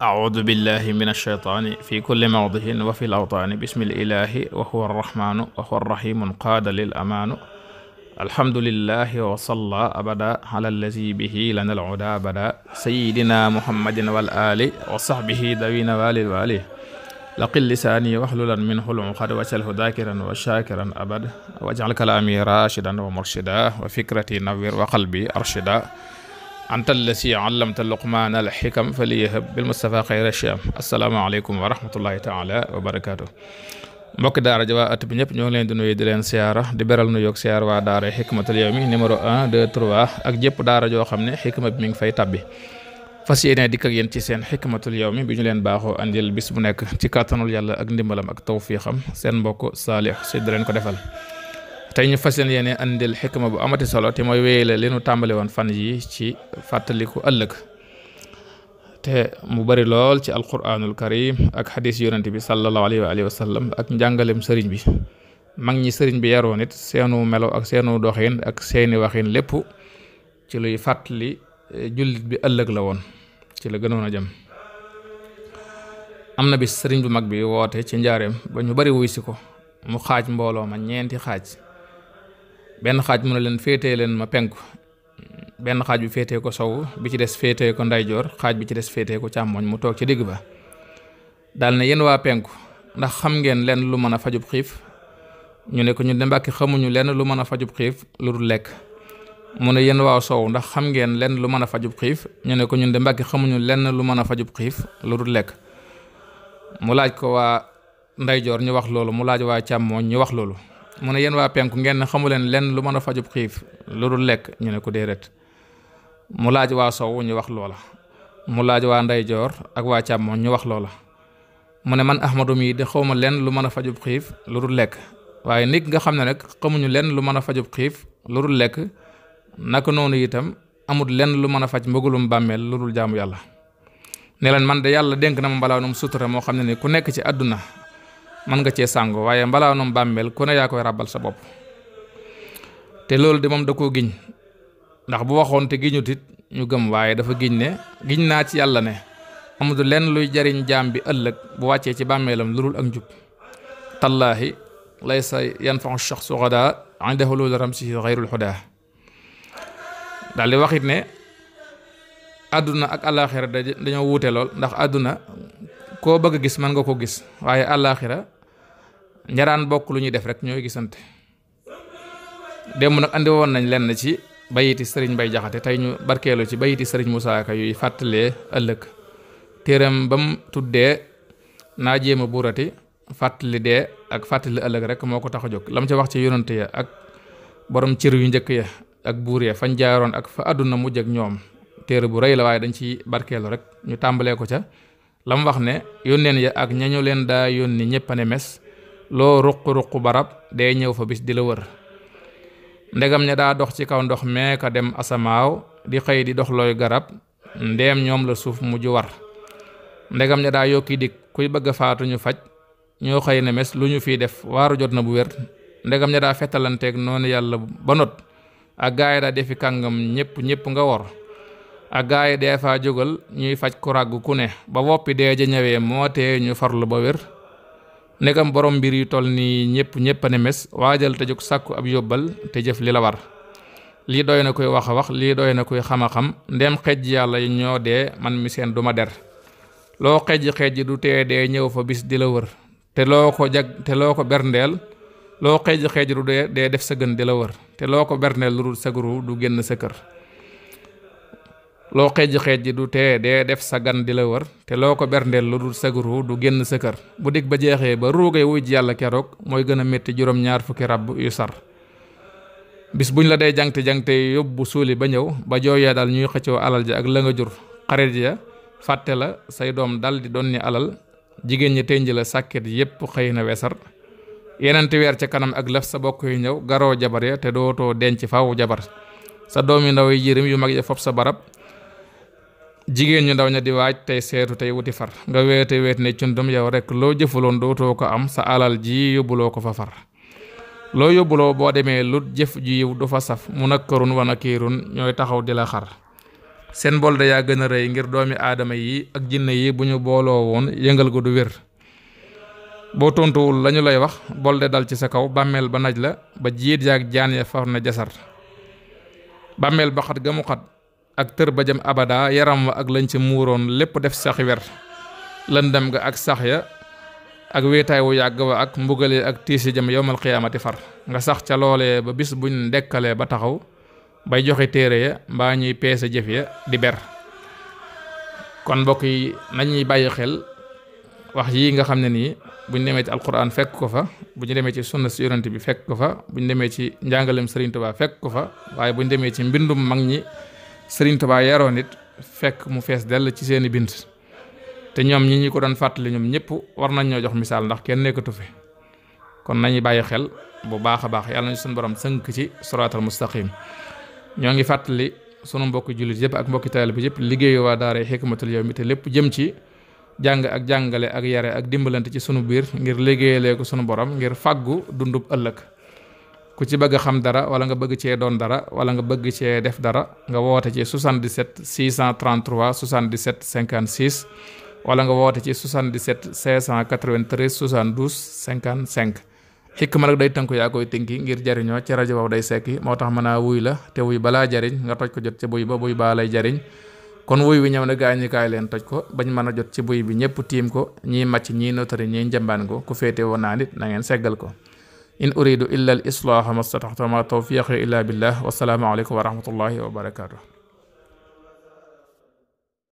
acudu billahi min alcheytaani fi kulli mawdihin wa fi l awtaani bismi lilahi wa huwa arrahmaanu wa huwa arrahimu qaada lil amaanu alhamdulillahi wa salla abada ala allazi bihi lana alhuda abada sayidina muhammadin wal ali wa sahbihi dawina wali wali laqil lisaani waxlulan minhu lmuqad waj'alhu daakiran wa shaakiran abad waj'al kalaami rashidan wa murshida wa fikrati nawwir wa qalbi arshida anta allasi allamta luqmaan al xikam fa li yahab bil mustafa xayra sham asalaamaaleykum wa rahmatullahi taala wa barakaatu mbokki daara waa at bi ñëpp ñoo ngi leen di nuyu di leen siyaara di beral nu yoog siyaar waa daara xikmatul yawmi numéro 1 2 3 ak jëpp daara joo xam ne xikma bi mi ngi fay tabbi fas yéene dikk ak yéen ci seen xikmatul yawmi bi ñu leen baaxoo andil bis bu nekk ci kàttanul yàlla ak ndimbalam ak tawfiixam seen mbokk saalix si da leen ko defal tey ñu fas leen yéene andil xikma bu amati solo te mooy wéyale li nu tàmbali woon fan yi ci fàttaliku ëllëg te mu bari lool ci alquranul karim ak xadis yonent bi sallallahu alihi wa sallam ak njàngaleem sëriñ bi mag ñi sëriñ bi yaroon it seenu melo seenu doxin ak seeni waxin lépp ci luy fàttali eh, jullit bi ëllëg la woon ci la gënoon a jëm am na bi sëriñ bu mag bi woote ci njaareem ba ñu bari wuy ko mu xaaj mbooloo ma ñeenti xaaj benn xaaj mu ne leen féetee leen ma penku benn xaaj bi féetee ko sow bi ci des féete ko ndeyjoor xaaj bi ci des féetee ko càmmooñ mu toog ci digg ba daal ne yenn waa penku ndax xam ngeen leen lu mën a fajub xiif ñu ne ko ñu xamuñu lenn lu mën a fajub xiif lu dul lekk mu ne yenn waa sow ndax xam ngeen lenn lu mën a fajub xiif ñu ne ko ñun de mbàkki xamuñu lenn lu mën a fajub xiif lu dul lekk mu laaj ko waa ndeyjoor ñu wax loolu mu laaj waa càmmooñ ñu wax loolu mu ne yenn waa penku ngeen ne xamuleen lenn lu mën a fajub xiif lu dul lekk ñu ne ko déedéet mu laaj waa sow ñu wax loola mu laaj waa ndeyjoor ak waa càmmoñ ñu wax loola mu ne man ahmadu mii de xawma lenn lu mën a fajub xiif lu dul lekk waaye nit nga xam ne nag xamuñu lenn lu mën a fajub xiif lu dul lekk naka noonu itam amul lenn lu mën a faj mbëgulum bàmmeel lu dul jaamu yàlla ne leen man de yàlla dénk na ma mbalaa num sutura moo xam ne ni ku nekk ci àdduna mën nga cee sàngo waaye mbalaanum bàmmeel ku ne yaa koy ràbbal sa bopp te loolu de moom da koo giñ ndax bu waxoon te giñut it ñu gëm waaye dafa giñ ne giñ naa ci yàlla ne amatu lenn luy jariñ jaam bi ëllëg bu wàccee ci bàmmeelam lu dul ak njub tallaahi laysa yanfau shaxsu gadaa inda hulul ramsihi xayrul hudaa daal di waxit ne àdduna ak àllaaxira dañoo wuute lool ndax àdduna koo bëgg gis mën nga ko gis waaye àllaaxira ñaraan bokk lu ñuy def rek ñooy gisante démb nag andi woon nañ lenn ci bayiti sëriñ bay Jaxate tey ñu barkeelu ci bayiti sëriñ Musaa Ka yuy fàttalee ëllëg téeram ba tuddee naa jéem a buurati fàttali dee ak fàttali ëllëg rek moo ko tax a jóg lam ci wax ci yonante ya ak borom cër yu njëkk ya ak buur ya fañ jaaroon ak fa àdduna mujj ak ñoom téere bu rey la waaye dañ ci barkeelu rek ñu tàmbalee ko ca lam wax ne yónneen ya ak ñañu leen daa yónni ñëpp a mes loo ruq-ruq barab day ñëw fa bis di la wër ndegam ne daa dox ci kaw ndox mee ka dem asamaaw di xëy di dox looy garab ndeem ñoom la suuf mujj war ndegam ne daa yokki dik kuy bëgg faatu ñu faj ñoo xëy ne mes lu ñu fii def waaru jot na bu wér ndegam ne daa fettalanteeg noonu yàlla ba not ak gaa yi daa defi kàngam ñépp ñépp nga wor ak gaa yi dee faa jógal ñuy faj ku ràgg ku ne ba woppi dee ja ñëwee moo te ñu farlu ba wér ndegam borom mbir yu toll nii ñëpp ñëpp a ne mes waajal te jóg sàkku ab yóbbal te jëf li la war lii doy na koy wax a wax lii doy na koy xam a xam ndem xej yàlla ñoo dee man mi seen du ma der loo xej xej du tee dee ñëw fa bis di la wër te loo ko jag te loo ko berndeel loo xej xej du dee dee def sa gën di la wër te loo ko berndeel lu dul sa du génn sa kër loo xeej xeej ji du tee dee def sa gan di la wër te loo ko berndeel lu dul sag ruu du génn sa kër bu dig ba jeexee ba ruugay ji yàlla keroog mooy gën a métti juróom-ñaar fukki ràbb yu sar bis buñ la day jangte-jangte yóbbu suuli ba ñëw ba jooya daal ñuy xëccoo alal ja ak la nga jur xarit ya fàtte la say doom dal di doon ni alal jigéen ñi tënj la sàkket yépp xëy na wesar yeneen weer ca kanam ak laf sa bokk yu ñëw garoo jabar ya te dootoo denc faw jabar sa doom yi jirim yu mag ya sa barab jigéen ñu ndaw ña di waaj tey seetu tey wuti far nga weete weet ne cundum yow rek loo jëfaloon dootoo ko am sa alal ji yóbbuloo ko fa far loo yóbbuloo boo demee lu jëf ji yiw du fa saf mu nakkarun wa nakiirun ñooy taxaw di la xar seen bolde yaa gën a rëy ngir doomi aadama yi ak jinne yi bu ñu booloo woon yëngal ko du wér boo tontuwul lañu lay wax bolde dal ci sa kaw bàmmeel ba naj la ba jiit yaak jaan ya far na jasar bàmmeel ba xat ga mu xat ak tër ba jëm abada yaram wa ak lañ ci muuroon lépp def saxi wer lëndam ga ak sax ya ak wéetaay wu yàgg wa ak mbugale ak tiis yi jëm yowmal xiyaamati far nga sax ca loolee ba bis buñ dekkalee ba taxaw bay joxe téere ya mbaa ñuy peese jëf ya di ber kon mbokk yi nañuy bàyyi xel wax yii nga xam ne nii buñ demee ci alquran fekk ko fa bu ñu demee ci sunna si yonent bi fekk ko fa bu ñu demee ci njàngalem Sëriñ Tuubaa fekk ko fa waaye buñ demee ci mbindum mag ñi sëriñ Tuubaa yaroon it fekk mu fees dell ci seeni bind te ñoom ñi ñu ko doon fàttali ñoom ñëpp war nañ ñoo jox misaal ndax kenn nekkatu fi kon nañu bàyyi xel bu baax a baax yàlla nañu suñu borom sënk ci siraatal mustaqim ñoo ngi fàttali sunu mbokki jullit yëpp ak mbokki taalibe bi yëpp liggéeyu waa daara Hikmatul Yawmi te lépp jëm ci jàng ak jàngale ak yare ak dimbalante ci sunu biir ngir liggéeyalee ko sunu borom ngir fàggu dundub ëllëg ku ci bëgg xam dara wala nga bëgg cee doon dara wala nga bëgg cee def dara nga woote ci 77 633 77 56 wala nga woote ci 77 693 72 55. ma nag day tënku yaa koy tënki ngir jariñoo ci rajo boobu day sekki moo tax mën naa wuy la te wuy balaa jariñ nga toj ko jot ci buy ba buy baa lay jariñ kon wuy wi ñëw na gaañukaay leen toj ko bañ mën a jot ci buy bi ñëpp tiim ko ñii màcc ñii notari ñii njambaan ko ku féete woon naa nit na ngeen seggal ko in uridu illa al islaaha mastataxtama tawfiqi illa billah wasalaamu aleykum wa rahmatullahi wa barakatuh